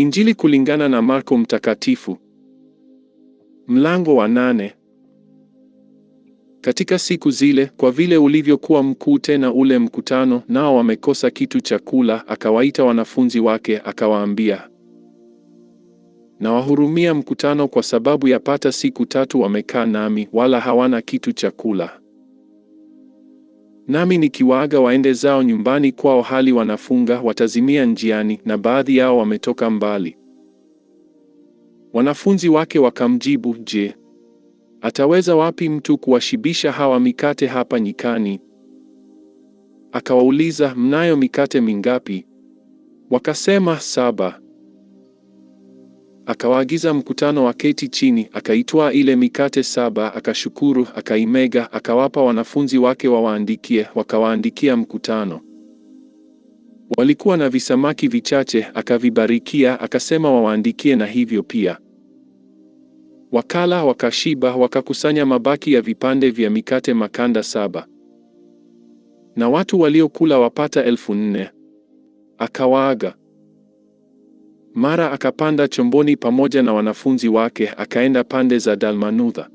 Injili kulingana na Marko Mtakatifu, mlango wa nane. Katika siku zile, kwa vile ulivyokuwa mkuu tena ule mkutano, nao wamekosa kitu cha kula, akawaita wanafunzi wake, akawaambia, nawahurumia mkutano, kwa sababu yapata siku tatu wamekaa nami, wala hawana kitu cha kula. Nami nikiwaaga waende zao nyumbani kwao hali wanafunga, watazimia njiani, na baadhi yao wametoka mbali. Wanafunzi wake wakamjibu, Je, ataweza wapi mtu kuwashibisha hawa mikate hapa nyikani? Akawauliza, mnayo mikate mingapi? Wakasema, saba. Akawaagiza mkutano wa keti chini, akaitwaa ile mikate saba, akashukuru, akaimega, akawapa wanafunzi wake wawaandikie, wakawaandikia mkutano. Walikuwa na visamaki vichache, akavibarikia, akasema wawaandikie na hivyo pia. Wakala wakashiba, wakakusanya mabaki ya vipande vya mikate makanda saba, na watu waliokula wapata elfu nne. Akawaaga. Mara akapanda chomboni pamoja na wanafunzi wake, akaenda pande za Dalmanutha.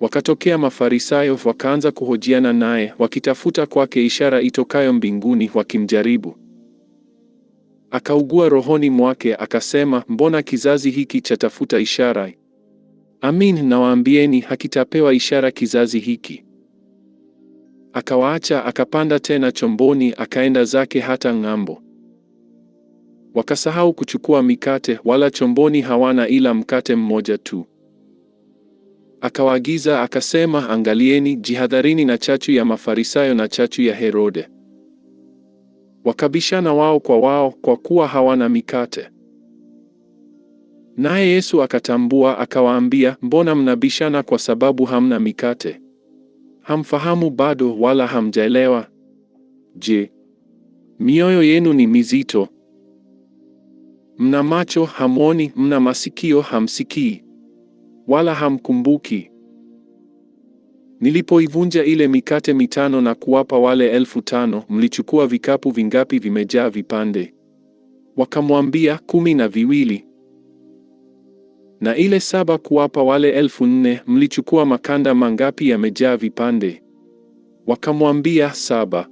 Wakatokea Mafarisayo wakaanza kuhojiana naye, wakitafuta kwake ishara itokayo mbinguni, wakimjaribu. Akaugua rohoni mwake, akasema, mbona kizazi hiki chatafuta ishara? Amin, nawaambieni hakitapewa ishara kizazi hiki. Akawaacha, akapanda tena chomboni, akaenda zake hata ng'ambo. Wakasahau kuchukua mikate, wala chomboni hawana ila mkate mmoja tu. Akawaagiza akasema, angalieni, jihadharini na chachu ya Mafarisayo na chachu ya Herode. Wakabishana wao kwa wao, kwa kuwa hawana mikate. Naye Yesu akatambua, akawaambia, mbona mnabishana kwa sababu hamna mikate? Hamfahamu bado, wala hamjaelewa? Je, mioyo yenu ni mizito? Mna macho hamwoni, mna masikio hamsikii, wala hamkumbuki. Nilipoivunja ile mikate mitano na kuwapa wale elfu tano, mlichukua vikapu vingapi vimejaa vipande? Wakamwambia kumi na viwili. Na ile saba kuwapa wale elfu nne, mlichukua makanda mangapi yamejaa vipande? Wakamwambia saba.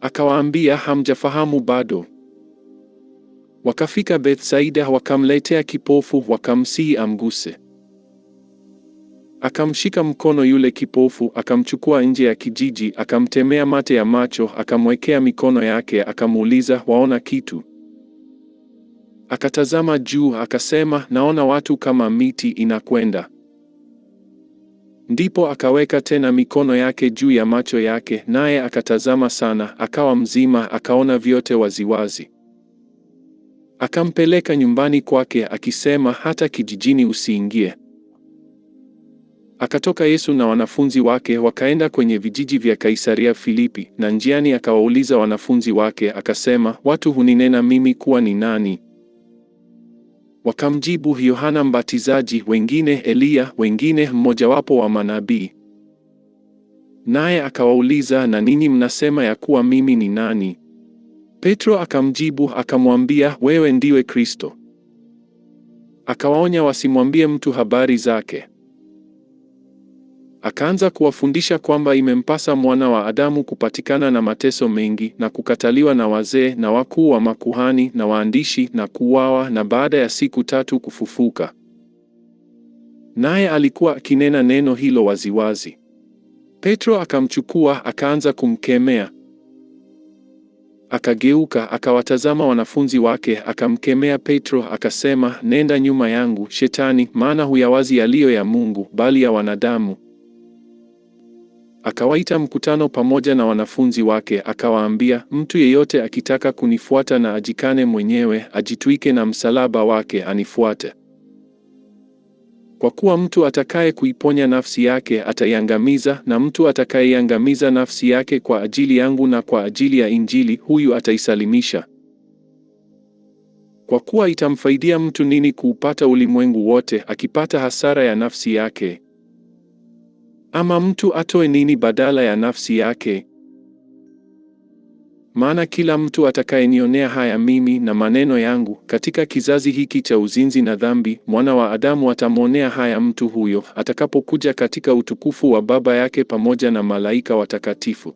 Akawaambia hamjafahamu bado. Wakafika Bethsaida, wakamletea kipofu, wakamsihi amguse. Akamshika mkono yule kipofu, akamchukua nje ya kijiji, akamtemea mate ya macho, akamwekea mikono yake, akamuuliza, waona kitu? Akatazama juu, akasema, naona watu kama miti inakwenda. Ndipo akaweka tena mikono yake juu ya macho yake, naye akatazama sana, akawa mzima, akaona vyote waziwazi. Akampeleka nyumbani kwake akisema, hata kijijini usiingie. Akatoka Yesu na wanafunzi wake wakaenda kwenye vijiji vya Kaisaria Filipi, na njiani akawauliza wanafunzi wake akasema, watu huninena mimi kuwa ni nani? Wakamjibu, Yohana Mbatizaji, wengine Eliya, wengine mmojawapo wa manabii. Naye akawauliza, na ninyi mnasema ya kuwa mimi ni nani? Petro akamjibu akamwambia, wewe ndiwe Kristo. Akawaonya wasimwambie mtu habari zake. Akaanza kuwafundisha kwamba imempasa mwana wa Adamu kupatikana na mateso mengi na kukataliwa na wazee na wakuu wa makuhani na waandishi na kuuawa na baada ya siku tatu kufufuka. Naye alikuwa akinena neno hilo waziwazi. Petro akamchukua akaanza kumkemea akageuka akawatazama wanafunzi wake, akamkemea Petro akasema, nenda nyuma yangu Shetani, maana huyawazi yaliyo ya Mungu bali ya wanadamu. Akawaita mkutano pamoja na wanafunzi wake, akawaambia, mtu yeyote akitaka kunifuata na ajikane mwenyewe, ajitwike na msalaba wake anifuate. Kwa kuwa mtu atakaye kuiponya nafsi yake ataiangamiza, na mtu atakayeiangamiza nafsi yake kwa ajili yangu na kwa ajili ya Injili, huyu ataisalimisha. Kwa kuwa itamfaidia mtu nini kuupata ulimwengu wote, akipata hasara ya nafsi yake? Ama mtu atoe nini badala ya nafsi yake? Maana kila mtu atakayenionea haya mimi na maneno yangu katika kizazi hiki cha uzinzi na dhambi, mwana wa Adamu atamwonea haya mtu huyo atakapokuja katika utukufu wa Baba yake pamoja na malaika watakatifu.